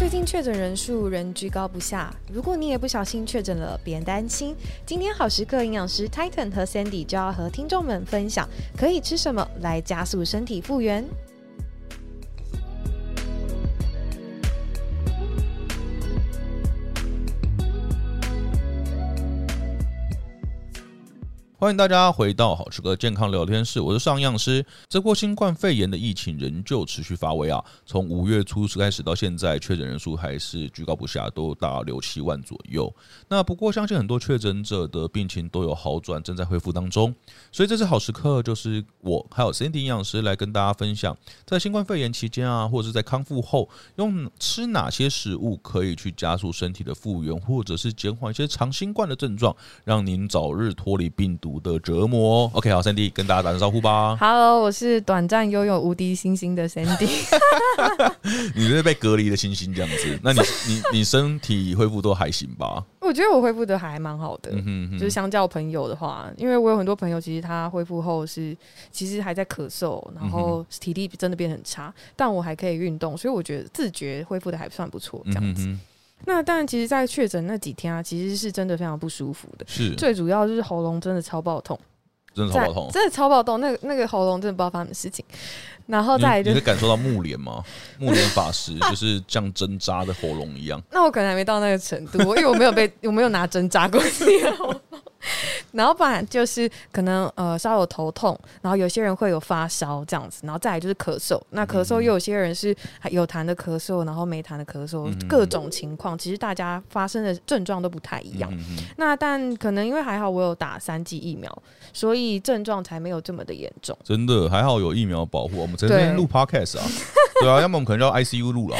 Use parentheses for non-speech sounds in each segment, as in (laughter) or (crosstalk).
最近確診人數仍居高不下。如果你也不小心確診了，別擔心。今天好食課，營養師 Titan 和 Sandy 就要和聽眾們分享可以吃什麼來加速身體復原。歡迎大家回到好食課健康聊天室，我是 Sandy 營養師。這波新冠肺炎的疫情仍舊持續發威啊，從五月初開始，到現在，確診人數還是居高不下，都達六七萬左右。那不過，相信很多確診者的病情都有好轉，正在恢復當中。所以，這次好時刻就是我還有 Sandy 營養師來跟大家分享，在新冠肺炎期間啊，或者是在康復後，用吃哪些食物可以去加速身體的復原，或者是減緩一些長新冠的症狀，讓您早日脫離病毒。的折磨，OK，好，Sandy，跟大家打聲招呼吧。Hello，我是短暫擁有無敵星星的 Sandy， (laughs) (laughs) 你是，是被隔離的星星這樣子。 (laughs) 那你、你、你身體恢復都還行吧？我覺得我恢復的還蠻好的，嗯嗯，就是相較朋友的話，因為我有很多朋友，其實他恢復後是其實還在咳嗽，然後體力真的變很差，嗯，但我還可以運動，所以我覺得自覺恢復的還算不錯，這樣子。嗯哼嗯哼那但，其實，在確診那幾天啊，其實是真的非常不舒服的。是最主要就是喉嚨真的超爆痛，真的超爆痛，真的超爆痛。那個那個喉嚨真的不知道發生什麼事情，然後再來就你你是感受到目連嗎？目連法師就是像針扎的喉嚨一樣。那我可能還沒到那個程度，因為我沒有被，我沒有拿針扎過喉老闆就是可能呃，稍有頭痛，然後有些人會有發燒這樣子，然後再來就是咳嗽。那咳嗽，又有些人是有痰的咳嗽，然後沒痰的咳嗽，嗯、哼哼各種情況，其實大家發生的症狀都不太一樣，嗯哼哼。那但可能因為還好我有打三劑疫苗，所以症狀才沒有這麼的嚴重。真的還好有疫苗保護，我們昨天錄 podcast 啊。對啊，要麼我們可能要 ICU 路了。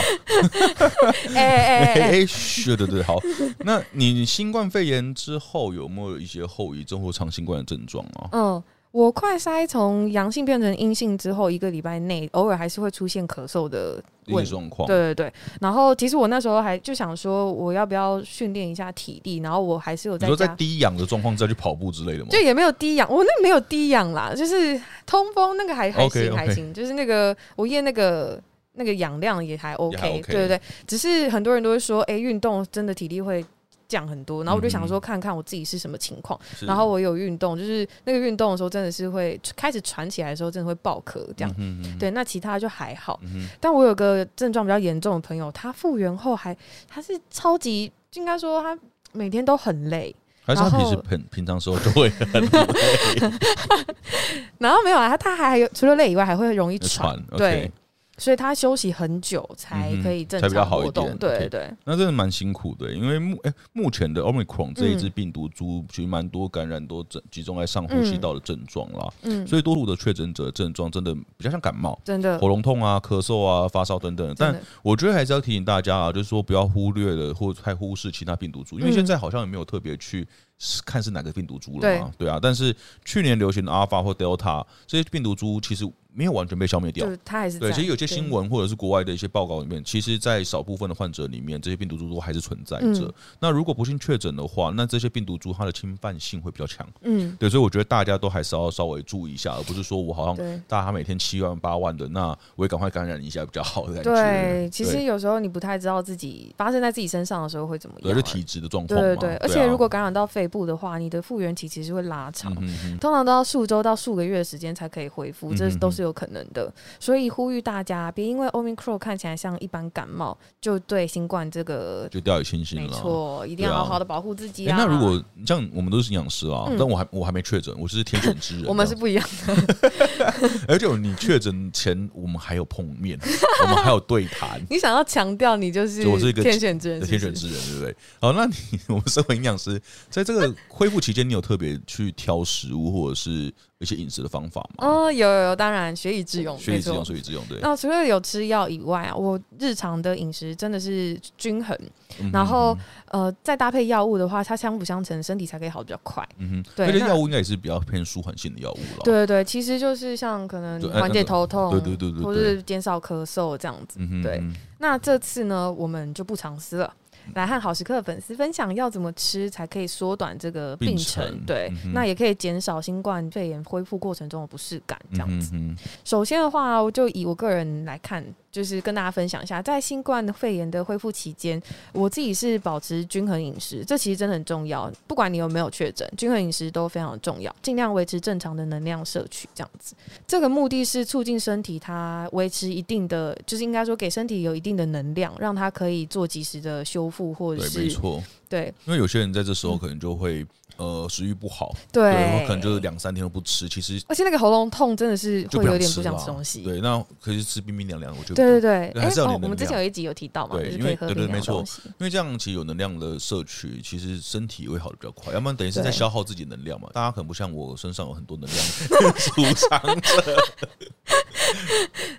哎哎哎，是、sure, 對，對對，好。 (laughs) 那你，你新冠肺炎之後有沒有一些後遺症或長新冠的症狀啊？嗯，我快塞快篩從陽性變成陰性之後，一個禮拜內偶爾還是會出現咳嗽的狀況。對對對。然後其實我那時候還就想說，我要不要訓練一下體力？然後我還是有在，你說在低氧的狀況再去跑步之類的嗎？就也沒有低氧，我那沒有低氧啦，就是通風那個還還行、okay, 還行，okay. 就是那個我驗那個。那個氧量也還 OK，也還 OK 對不對，對？只是很多人都會說，哎、欸，運動真的體力會降很多。然後我就想說，看看我自己是什麼情況，嗯。然後我有運動，就是那個運動的時候，真的是會開始喘起來的時候，真的會爆咳，這樣嗯哼嗯哼。對，那其他就還好。嗯、但我有個症狀比較嚴重的朋友，他復原後還，他是超級應該說他每天都很累，而且他平時平常時候都會很累。 (laughs) 然後沒有啊，他他還有除了累以外，還會容易喘，喘。對。Okay. 所以他休息很久才可以正常活動，才比較好一點，對、嗯、對對。Okay, 那真的蠻辛苦的，因為目哎、欸、目前的 Omicron 這一隻病毒株，其實蠻多感染都集中在上呼吸道的症狀啦、嗯嗯。所以多數的確診者的症狀真的比較像感冒，真的喉嚨痛啊、咳嗽啊、發燒等等。但我覺得還是要提醒大家啊，就是說不要忽略了或太忽視其他病毒株，因為現在好像也沒有特別去。是看是哪個病毒株了嘛。對，對啊，但是去年流行的阿爾法或 Delta 這些病毒株，其實沒有完全被消滅掉對。它還是在。對，其實有些新聞或者是國外的一些報告裡面，其實，在少部分的患者裡面，這些病毒株都還是存在着、嗯。那如果不幸確診的話，那這些病毒株它的侵犯性會比較強。嗯，對，所以我覺得大家都還是要稍微注意一下，而不是說我好像大家每天七萬八萬的，那我也趕快感染一下比較好的感覺對。對，其實有時候你不太知道自己發生在自己身上的時候會怎麼樣，是體質的狀況。對對對，對、啊，而且如果感染到肺。不的話，你的復原期其實會拉長，嗯、通常都要數周到數個月的時間才可以恢復，這是都是有可能的。嗯、所以呼籲大家別因為 Omicron 看起來像一般感冒，就對新冠這個就掉以輕心了。沒錯，一定要好好的保護自己、啊啊欸。那如果像我們都是營養師啊、嗯，但我還我還沒確診，我是天選之人。 (laughs) 我們是不一樣的。 (laughs) (laughs) 而且你確診前，我們還有碰面， (laughs) 我們還有對談。你想要強調，你就是,是,是就我是一個天選之人，天選之人，對不對？哦， (laughs) 那你我們身為營養師，在這個。恢復期間，你有特別去挑食物，或者是一些飲食的方法嗎？哦、嗯，有有有，當然，學以致用，學以致用，學以致用。對，那除了有吃藥以外啊，我日常的飲食真的是均衡，然後嗯哼嗯哼呃，再搭配藥物的話，它相輔相成，身體才可以好得比較快。嗯對，那個藥物應該也是比較偏舒緩性的藥物了。對對，對，其實就是像可能緩解頭痛，對、那個、對對對，對，或是減少咳嗽這樣子嗯哼嗯哼。對。那這次呢，我們就不嘗試了。來和好食課的粉絲分享，要怎麼吃才可以縮短這個病程？病程對、嗯，那也可以減少新冠肺炎恢復過程中的不適感。這樣子、嗯，首先的話，我就以我個人來看。就是跟大家分享一下，在新冠肺炎的恢復期間，我自己是保持均衡飲食，這其實真的很重要。不管你有沒有確診，均衡飲食都非常重要，盡量維持正常的能量攝取，這樣子。這個目的是促進身體，它維持一定的，就是應該說給身體有一定的能量，讓它可以做及時的修復，或者是。對，因為有些人在這時候可能就會呃、食慾不好，對，對可能就是兩三天都不吃。其實，而且那個喉嚨痛真的是會有點不想吃東西吃。對，那可以吃冰冰涼涼。我覺得不對對對，哎、欸、哦，我們之前有一集有提到嘛，對，就是、因為對對沒錯，因為這樣其實有能量的攝取，其實身體會好的比較快。要不然等於是在消耗自己能量嘛。大家可能不像我身上有很多能量儲藏者。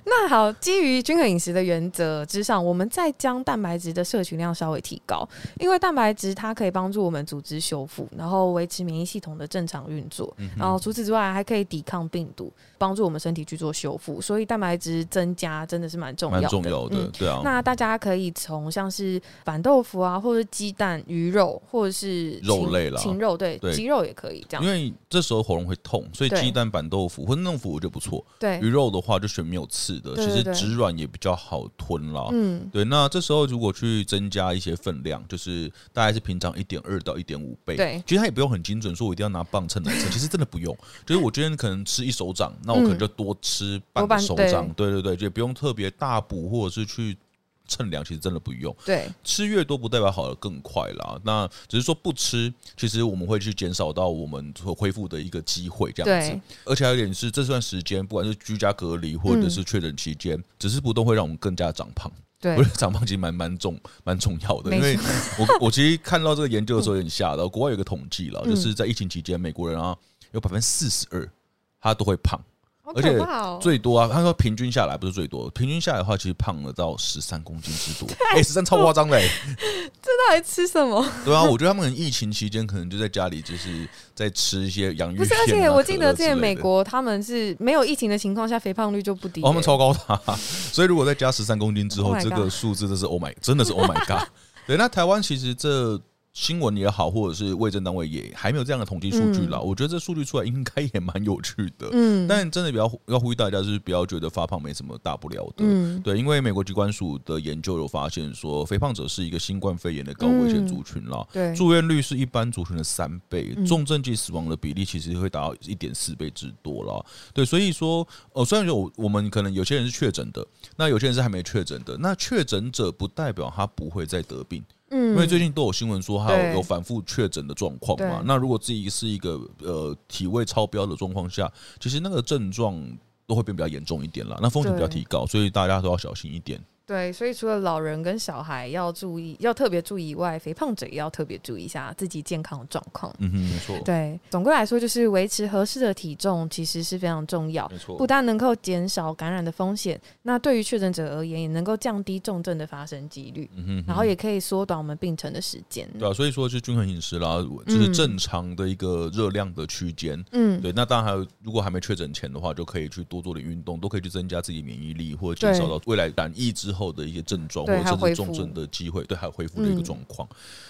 那好，基於均衡飲食的原則之上，我們再將蛋白質的攝取量稍微提高，因為蛋白。其實它可以幫助我們組織修復，然後維持免疫系統的正常運作，嗯，然後除此之外還可以抵抗病毒。幫助我們身體去做修復，所以蛋白質增加真的是蠻重要的。蠻重要的、嗯，對啊。那大家可以從像是板豆腐啊，或者雞蛋、魚肉，或者是肉類啦，禽肉對，雞肉也可以這樣。因為這時候喉嚨會痛，所以雞蛋、板豆腐或者那種嫩豆腐就不錯。對，魚肉的話就選沒有刺的，對對對，其實煮軟也比較好吞啦。嗯，對。那這時候如果去增加一些分量，就是大概是平常一點二到一點五倍。對，其實它也不用很精準，說我一定要拿磅秤來稱。 (laughs) 其實真的不用，就是我今天可能吃一手掌嗯、那我可能就多吃半個手掌對，對對對，就不用特別大補，或者是去稱量，其實真的不用。對，吃越多不代表好的更快啦，那只是說不吃，其實我們會去減少到我們所恢復的一個機會，這樣子。而且還有點是這段時間，不管是居家隔離或者是確診期間、嗯，只是不動會讓我們更加長胖。對，我覺得長胖其實蠻蠻重蠻重要的，因為我我其實看到這個研究的時候有點嚇到、嗯。國外有個統計啦、嗯，就是在疫情期間，美國人啊有百分之四十二他都會胖。而且最多啊、哦，他說平均下來不是最多，平均下來的話其實胖了到十三公斤之多，哎、 (laughs) 欸，十三超誇張嘞！這到底吃什麼？對啊，我覺得他們疫情期間可能就在家裡，就是在吃一些洋芋片、啊、不是，而且我記得在美國，他們是沒有疫情的情況下，肥胖率就不低、欸哦，他們超高的。 (laughs) 所以如果再加十三公斤之後，oh、這個數字真的是 Oh my，真的是 Oh my God！ (laughs) 對，那台灣其實這。新聞也好，或者是衛生單位也還沒有這樣的統計數據了、嗯。我覺得這數據出來應該也蠻有趣的、嗯。但真的比較要呼籲大家，就是不要覺得發胖沒什麼大不了的。嗯、對，因為美國疾管署的研究有發現說，肥胖者是一個新冠肺炎的高危險族群啦、嗯、對，住院率是一般族群的三倍，嗯、重症及死亡的比例其實會達到一點四倍之多了。對，所以說，呃，雖然說我們可能有些人是確診的，那有些人是還沒確診的。那確診者不代表他不會再得病。嗯，因為最近都有新聞說還有有反覆確診的狀況嘛，那如果自己是一個呃體位超標的狀況下，其實那個症狀都會變比較嚴重一點啦，那風險比較提高，所以大家都要小心一點。對，所以除了老人跟小孩要注意，要特別注意以外，肥胖者也要特別注意一下自己健康的狀況。嗯哼，沒錯。對，總歸來說就是維持合適的體重，其實是非常重要。沒錯，不但能夠減少感染的風險，那對於確診者而言，也能夠降低重症的發生幾率。嗯哼，然後也可以縮短我們病程的時間。對啊，所以說是均衡飲食啦，就是正常的一個熱量的區間。嗯，對。那當然還有，如果還沒確診前的話，就可以去多做點運動，都可以去增加自己免疫力，或者減少到未來染疫之後，後的一些症狀或者甚至重症的機會，對，還有恢復的一個狀況，嗯。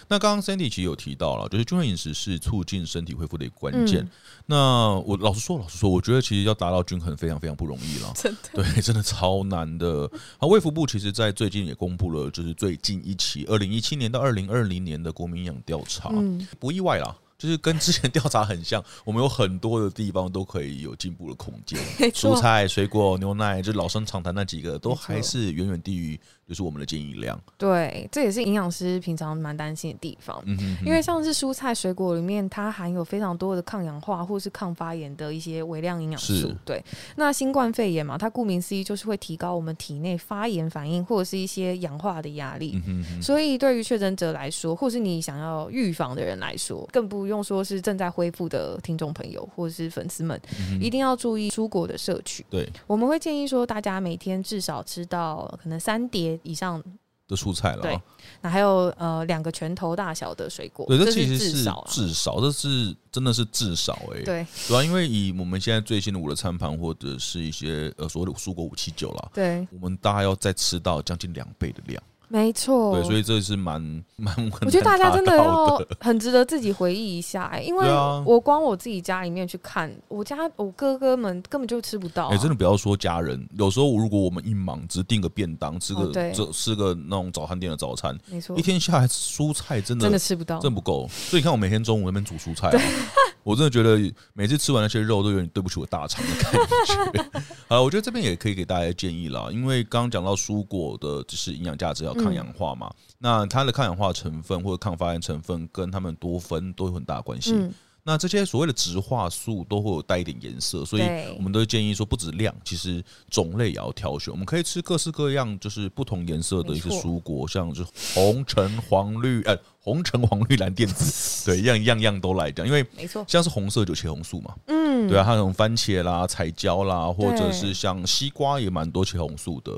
那剛剛 Sandy 其實有提到了，就是均衡飲食是促進身體恢復的一個關鍵，嗯。那我老實說，老實說，我覺得其實要達到均衡非常非常不容易了，對，真的超難的。啊，衛福部其實，在最近也公布了，就是最近一期二零一七年到二零二零年的國民營養調查，嗯，不意外啦。就是跟之前調查很像，我們有很多的地方都可以有進步的空間。蔬菜、水果、牛奶，就老生常談那幾個，都還是遠遠低於，就是我們的建議量，對，這也是營養師平常蠻擔心的地方，嗯哼哼，因為像是蔬菜水果裡面，它含有非常多的抗氧化或是抗發炎的一些微量營養素是，對。那新冠肺炎嘛，它顧名思義就是會提高我們體內發炎反應或者是一些氧化的壓力、嗯哼哼，所以對於確診者來說，或是你想要預防的人來說，更不用說是正在恢復的聽眾朋友或者是粉絲們、嗯，一定要注意蔬果的攝取。對，我們會建議說，大家每天至少吃到可能三碟。以上的蔬菜了，對，那還有呃兩個拳頭大小的水果，對，這、啊、這其實是至少，啊、這是真的是至少哎、欸啊，對，主要因為以我們現在最新的我的餐盤或者是一些呃所謂的蔬果五七九啦。對，我們大概要再吃到將近兩倍的量。沒錯，對，所以這也是蠻蠻，我覺得大家真的要很值得自己回憶一下、欸，因為，我光我自己家裡面去看，我家我哥哥們根本就吃不到、啊，哎、欸，真的不要說家人，有時候我如果我們一忙，只訂個便當，吃個這、哦、吃個那種早餐店的早餐，沒錯，一天下來蔬菜真的真的吃不到，真的不夠，所以你看我每天中午在那邊煮蔬菜、啊。我真的覺得每次吃完那些肉都有點對不起我大腸的感覺。 (laughs) (laughs) 好，我覺得這邊也可以給大家建議啦，因為剛剛講到蔬果的，就是營養價值要抗氧化嘛。嗯，那它的抗氧化成分或者抗發炎成分跟它們多酚都有很大的關係。嗯。那這些所謂的植化素都會有帶一點顏色，所以我們都會建議說，不止量，其實種類也要挑選。我們可以吃各式各樣，就是不同顏色的一些蔬果，像就是紅橙黃綠，呃、哎，紅橙黃綠藍靛紫，對，樣樣樣都來講，因為像是紅色就茄紅素嘛，嗯，對啊，還有、嗯、番茄啦、彩椒啦，或者是像西瓜也蠻多茄紅素的。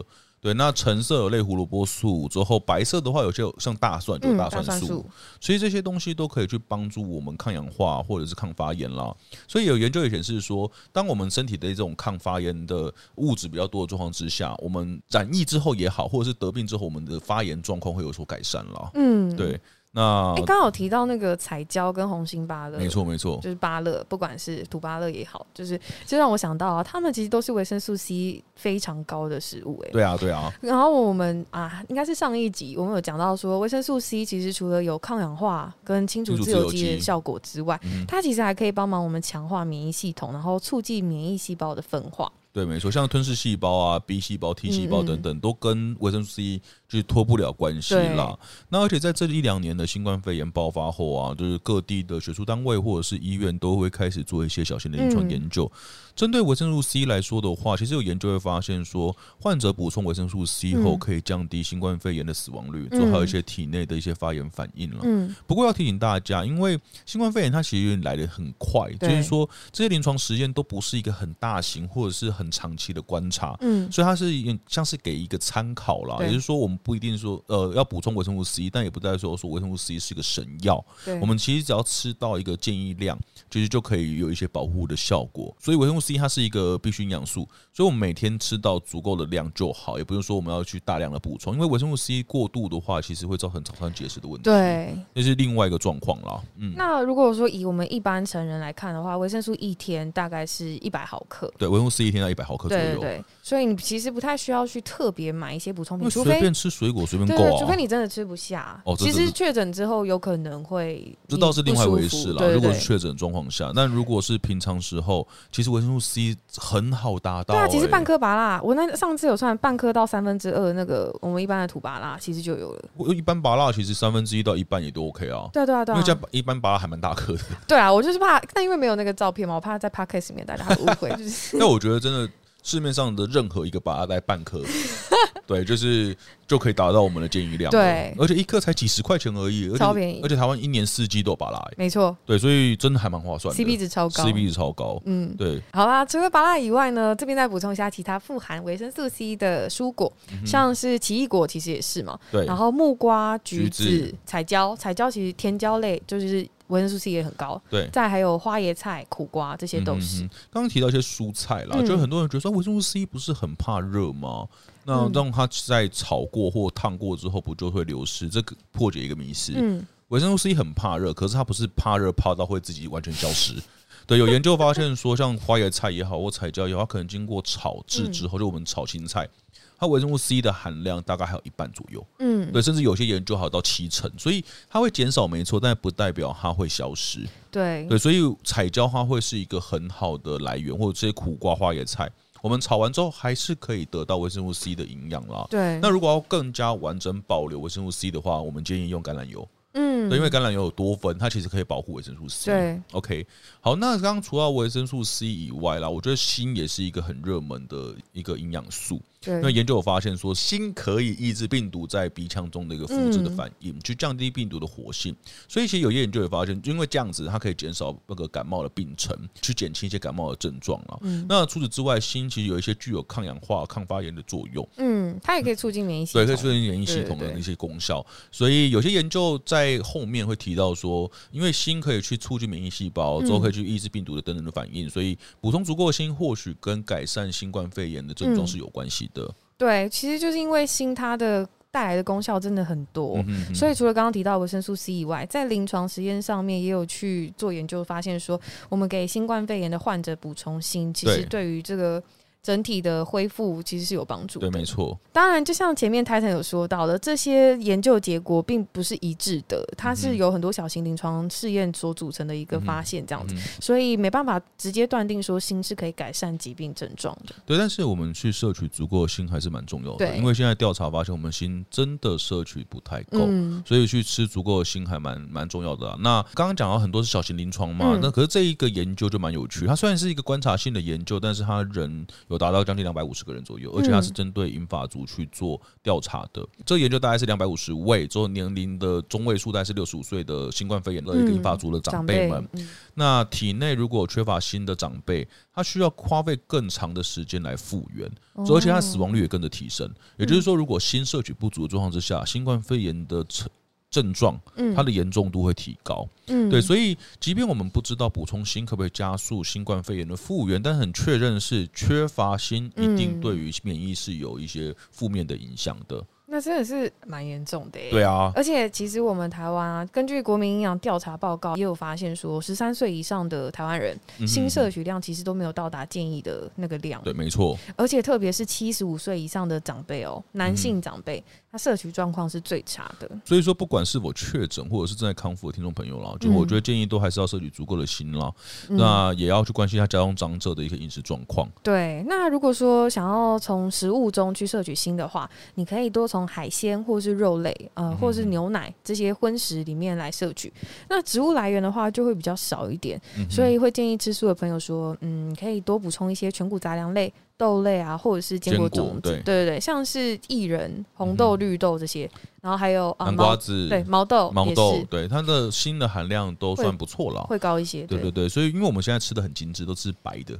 對，那橙色有類胡蘿蔔素，之後白色的話，有些有像大蒜就有大蒜素，嗯，大蒜素，所以這些東西都可以去幫助我們抗氧化或者是抗發炎啦。所以有研究也顯示說，當我們身體的這種抗發炎的物質比較多的狀況之下，我們染疫之後也好，或者是得病之後，我們的發炎狀況會有所改善了。嗯，對。那哎、欸，剛好提到那個彩椒跟紅心芭樂。沒錯沒錯，就是芭樂，不管是土芭樂也好，就是就讓我想到啊，他們其實都是維生素 C 非常高的食物哎、欸。對啊對啊。然後我們啊，應該是上一集我們有講到說，維生素 C 其實除了有抗氧化跟清除自由基的效果之外，它其實還可以幫忙我們強化免疫系統，然後促進免疫細胞的分化。對，沒錯，像吞噬細胞啊、B 細胞、T 細胞等等，嗯嗯都跟維生素 C 就是脫不了關係啦。那而且在這一兩年的新冠肺炎爆發後啊，就是各地的學術單位或者是醫院都會開始做一些小型的臨床研究。嗯嗯針對維生素 C 來說的話，其實有研究會發現說，患者補充維生素 C 後可以降低新冠肺炎的死亡率，就、嗯、還有一些體內的一些發炎反應了。嗯，不過要提醒大家，因為新冠肺炎它其實來得很快，就是說這些臨床實驗都不是一個很大型或者是很長期的觀察，嗯，所以它是像是給一個參考啦。也就是說我們不一定說呃要補充維生素 C，但也不再說說維生素 C 是一個神藥。我們其實只要吃到一個建議量，其、就、實、是、就可以有一些保護的效果。所以維生素、C C 它是一個必需營養素，所以我們每天吃到足夠的量就好，也不用說我們要去大量的補充。因為維生素 C 過度的話，其實會造成常上結石的問題。對，那是另外一個狀況啦。嗯，那如果說以我們一般成人來看的話，維生素一天大概是一百毫克。對，維生素 C 一天到一百毫克左右。對，對，對，所以你其實不太需要去特別買一些補充品，你隨便吃水果隨便夠、啊，除非你真的吃不下。哦，其實確診之後有可能會，這倒是另外一回事了。如果是確診狀況下，那如果是平常時候，其實維生素。C 很好達到、欸，對啊，其實半顆芭樂，我那上次有算半顆到三分之二，那個我們一般的土芭樂，其實就有了。我一般芭樂其實三分之一到一半也都 OK 啊。對啊對啊對啊，因為這一般芭樂還蠻大顆的。對啊，我就是怕，但因為沒有那個照片嘛，我怕在 Podcast 裡面大家誤會，會。 (laughs) 就是、 (laughs) 那我覺得真的市面上的任何一個芭樂帶半顆。 (laughs) (laughs) 對，就是就可以達到我們的建議量。對，而且一顆才幾十塊錢而已而且，超便宜。而且台灣一年四季都有芭樂，沒錯。對，所以真的還蠻划算，CP 值超高，CP 值超高。嗯，對。好啦，除了芭樂以外呢，這邊再補充一下其他富含維生素 C 的蔬果，嗯、像是奇異果其實也是嘛。對。然後木瓜、橘子、橘子橘子彩椒、彩椒其實甜椒類就是。維生素 C 也很高，對。再還有花椰菜、苦瓜這些東西。剛、嗯、剛提到一些蔬菜啦，嗯、就很多人覺得說，維生素 C 不是很怕熱嗎？嗯、那讓它在炒過或燙過之後，不就會流失？這個破解一個迷思。維、嗯、生素 C 很怕熱，可是它不是怕熱怕到會自己完全消失。 (laughs) 對，有研究發現說，像花椰菜也好， (laughs) 或彩椒也好，它可能經過炒製之後，就我們炒青菜。嗯它維生素 C 的含量大概還有一半左右，嗯，對，甚至有些研究好到七成，所以它會減少，沒錯，但不代表它會消失，對，對，所以彩椒花會是一個很好的來源，或者這些苦瓜花椰菜，我們炒完之後還是可以得到維生素 C 的營養啦。對，那如果要更加完整保留維生素 C 的話，我們建議用橄欖油。嗯，對，因為橄欖油有多酚，它其實可以保護維生素 C 對。對，OK，好，那剛剛除了維生素 C 以外啦，我覺得鋅也是一個很熱門的一個營養素。對，那研究有發現說鋅可以抑制病毒在鼻腔中的一個複製的反應、嗯，去降低病毒的活性。所以其實有些研究你就會發現，因為這樣子它可以減少那個感冒的病程，去減輕一些感冒的症狀啊、嗯。那除此之外，鋅其實有一些具有抗氧化、抗發炎的作用。嗯，它也可以促進免疫系統、嗯。對，可以促進免疫系統的一些功效對對對。所以有些研究在。在後面會提到說，因為鋅可以去促進免疫細胞，之後可以去抑制病毒的等等的反應，嗯、所以補充足夠的鋅，或許跟改善新冠肺炎的症狀是有關係的、嗯。對，其實就是因為鋅它的帶來的功效真的很多，嗯嗯，所以除了剛剛提到維生素 C 以外，在臨床實驗上面也有去做研究，發現說我們給新冠肺炎的患者補充鋅，其實對於這個。整體的恢復其實是有幫助，對，沒錯。當然，就像前面泰坦有說到的，這些研究結果並不是一致的，它是由很多小型臨床試驗所組成的一個發現這樣子，所以沒辦法直接斷定說鋅是可以改善疾病症狀的。對，但是我們去攝取足夠的鋅還是蠻重要的，因為現在調查發現我們鋅真的攝取不太夠，所以去吃足夠的鋅還蠻蠻重要的啊。那剛剛講到很多是小型臨床嘛，那可是這一個研究就蠻有趣，它雖然是一個觀察性的研究，但是它人。有達到將近兩百五十個人左右，而且他是針對銀髮族去做調查的。嗯、這個研究大概是兩百五十位，之後年齡的中位數大概是六十五歲的新冠肺炎的一個銀髮族的長輩們，嗯、長、嗯。那體內如果缺乏鋅的長輩，他需要花費更長的時間來復原，哦，所以而且他死亡率也跟着提升。也就是說，如果鋅攝取不足的狀況之下，新冠肺炎的成。症狀，它的嚴重度會提高。嗯，對，所以即便我們不知道補充鋅可不可以加速新冠肺炎的復原，但很確認是缺乏鋅一定對於免疫是有一些負面的影響的。嗯嗯那真的是蠻嚴重的，對啊。而且其實我們台灣、啊、根據國民營養調查報告，也有發現說，十三歲以上的台灣人、嗯、鋅攝取量其實都沒有到達建議的那個量，對，沒錯。而且特別是七十五歲以上的長輩哦、喔，男性長輩、嗯、他攝取狀況是最差的。所以說，不管是否確診或者是正在康復的聽眾朋友了，就我覺得建議都還是要攝取足夠的鋅啦、嗯，那也要去關心一下家中長者的一個飲食狀況。對，那如果說想要從食物中去攝取鋅的話，你可以多從。海鮮或是肉類，呃，mm -hmm. 或是牛奶這些葷食裡面來攝取，那植物來源的話就會比較少一點，mm -hmm. 所以會建議吃素的朋友說，嗯，可以多補充一些全穀雜糧類。豆類啊，或者是堅果種子、堅果，對，對對對，像是薏仁、紅豆、嗯、綠豆這些，然後還有、啊、南瓜子，毛對毛豆，毛豆，對它的鋅的含量都算不錯了，會高一些對，對對對，所以因為我們現在吃的很精致，都是白的，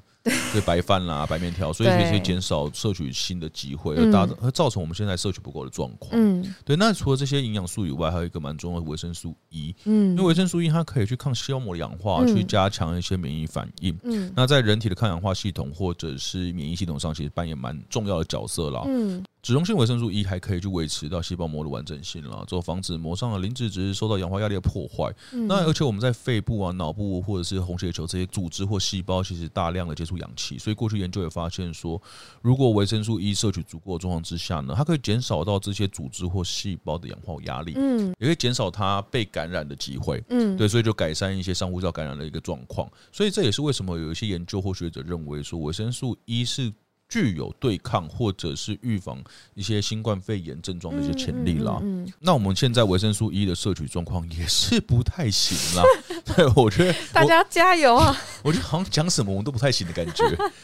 對白飯啦、白麵條，所以可以減少攝取鋅的機會，而達而造成我們現在攝取不夠的狀況。嗯，對。那除了這些營養素以外，還有一個蠻重要的維生素 E，嗯，因為維生素 E 它可以去抗細胞膜氧化，嗯、去加強一些免疫反應。嗯，那在人體的抗氧化系統或者是免疫系統上其實扮演蠻重要的角色了。嗯。脂溶性維生素 E 還可以去維持到細胞膜的完整性了，就防止膜上的磷脂質受到氧化壓力的破壞、嗯。那而且我們在肺部啊、腦部或者是紅血球這些組織或細胞，其實大量的接觸氧氣，所以過去研究也發現說，如果維生素 E 攝取足夠的狀況之下呢，它可以減少到這些組織或細胞的氧化壓力，嗯，也可以減少它被感染的機會，嗯，對，所以就改善一些上呼吸道感染的一個狀況。所以這也是為什麼有一些研究或學者認為說維生素 E 是。具有對抗或者是預防一些新冠肺炎症狀的一些潛力了、嗯嗯嗯嗯。那我們現在維生素 E 的攝取狀況也是不太行了。 (laughs) 對，我覺得我大家加油啊！我覺得好像講什麼我們都不太行的感覺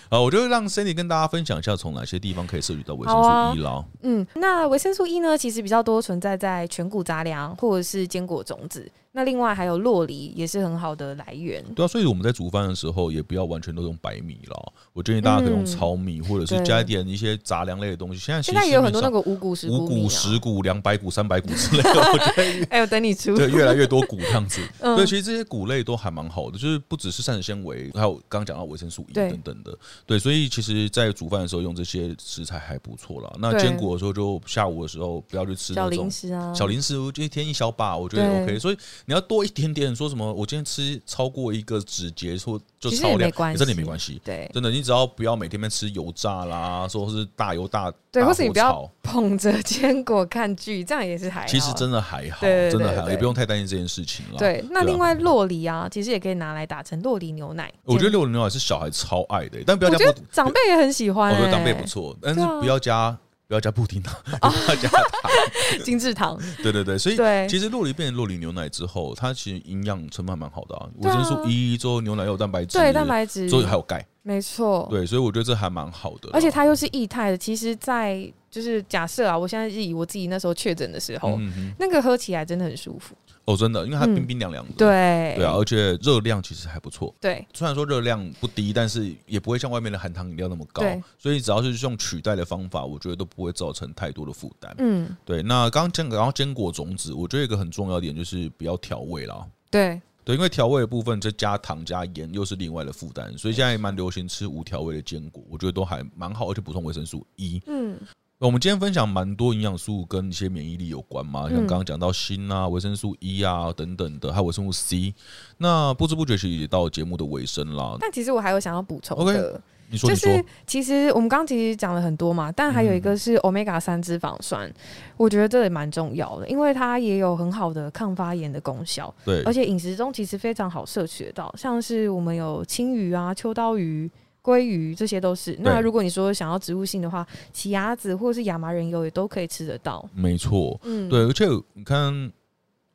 啊！ (laughs) 我就讓 Sandy 跟大家分享一下，從哪些地方可以攝取到維生素 E 了、啊、嗯，那維生素 E 呢，其實比較多存在在全谷雜糧或者是堅果種子。那另外還有酪梨也是很好的來源，對啊，所以我們在煮飯的時候也不要完全都用白米了。我建議大家可以用糙米，或者是加一點一些雜糧類的東西。現在其實也有很多那個五穀五穀十穀兩百穀三百穀之類的，我覺得哎呦等你吃。對，越來越多穀這樣子。對，其實這些穀類都還蠻好的，就是不只是膳食纖維，還有剛剛講到維生素 E 等等的。對，所以其實，在煮飯的時候用這些食材還不錯啦。那堅果的時候，就下午的時候不要去吃小零食啊，小零食我就一天一小把，我覺得 OK。所以你要多一點點，說什麼？我今天吃超過一個指節，說就超量，真的沒關係。對，真的，你只要不要每天邊吃油炸啦，說是大油大，對，或是你不要捧着堅果看劇，這樣也是還好。其實真的還好，對對對對，真的還好，也不用太擔心這件事情了。對，那另外酪梨啊，啊，其實也可以拿來打成酪梨牛奶。我覺得酪梨牛奶是小孩超愛的、欸，但不要加。長輩也很喜歡，我覺得長輩、欸、不錯、啊，但是不要加。不要加布丁糖、啊，oh. 要不要加糖， (laughs) 精致緻糖。 (laughs) 對對對，對所以其實酪梨變成酪梨牛奶之後，它其實營養成分還蠻好的啊，維生素 E，做牛奶要有蛋白質，對蛋白質，所以還有鈣。沒錯，對，所以我覺得這還蠻好的，而且它又是液態的。其實在，在就是假設啊，我現在以我自己那時候確診的時候、嗯，那個喝起來真的很舒服、嗯、哦，真的，因為它冰冰涼涼的，嗯、對對啊，而且熱量其實還不錯，對，雖然說熱量不低，但是也不會像外面的含糖飲料那麼高，所以只要是用取代的方法，我覺得都不會造成太多的負擔。嗯，對，那剛剛堅果，然後堅果種子，我覺得一個很重要點就是不要調味了，對。因為調味的部分再加糖加鹽，又是另外的負擔，所以現在也蠻流行吃無調味的堅果，我覺得都還蠻好，而且補充維生素 E。嗯，我們今天分享蠻多營養素跟一些免疫力有關嘛，像剛剛講到鋅啊、維生素 E 啊等等的，還有維生素 C。那不知不覺其實已經到節目的尾聲啦，但其實我還有想要補充的、okay。你說你說就是，其實我們剛剛其實講了很多嘛，但還有一個是 Omega 三脂肪酸，我覺得這也蠻重要的，因為它也有很好的抗發炎的功效。對，而且飲食中其實非常好攝取得到，像是我們有青魚啊、秋刀魚、鮭魚，這些都是。那如果你說想要植物性的話，奇亞籽或者是亞麻仁油也都可以吃得到。沒錯，嗯，對，而且你看。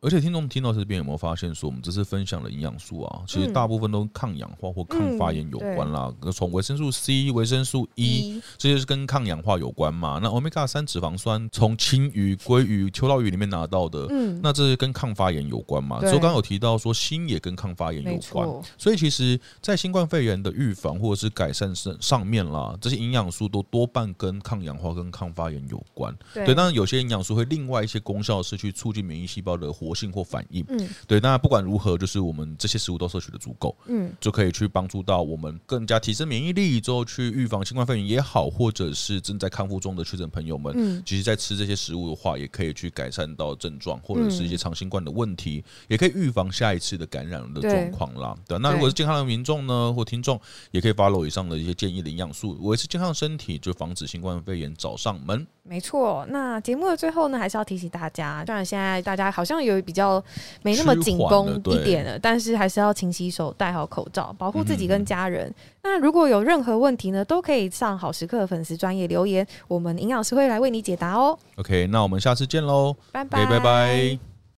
而且聽眾聽到這邊有沒有發現，說我們這次分享的營養素啊，其實大部分都抗氧化或抗發炎有關啦。從維生素 C、維生素 E，E 這些是跟抗氧化有關嘛？那歐米伽三脂肪酸從青魚、鮭魚、秋刀魚裡面拿到的、嗯，那這是跟抗發炎有關嘛？所以剛有提到說鋅也跟抗發炎有關，所以其實，在新冠肺炎的預防或者是改善上上面啦，這些營養素都多半跟抗氧化跟抗發炎有關。對，當然有些營養素會另外一些功效是去促進免疫細胞的活性或反應，嗯，對，那不管如何，就是我們這些食物都攝取的足夠，嗯，就可以去幫助到我們更加提升免疫力，之後去預防新冠肺炎也好，或者是正在康復中的確診朋友們，嗯，其實在吃這些食物的話，也可以去改善到症狀，或者是一些長新冠的問題，嗯、也可以預防下一次的感染的狀況啦對。對，那如果是健康的民眾呢，或聽眾，也可以 follow 以上的一些建議的營養素，維持健康的身體，就防止新冠肺炎找上門。沒錯，那節目的最後呢，還是要提醒大家，當然現在大家好像有。比較沒那麼緊繃一點了的，但是還是要勤洗手、戴好口罩，保護自己跟家人嗯嗯。那如果有任何問題呢，都可以上好食課的粉絲專頁留言，我們營養師會來為你解答哦、喔。OK，那我們下次見嘍，拜拜拜拜。Okay, bye bye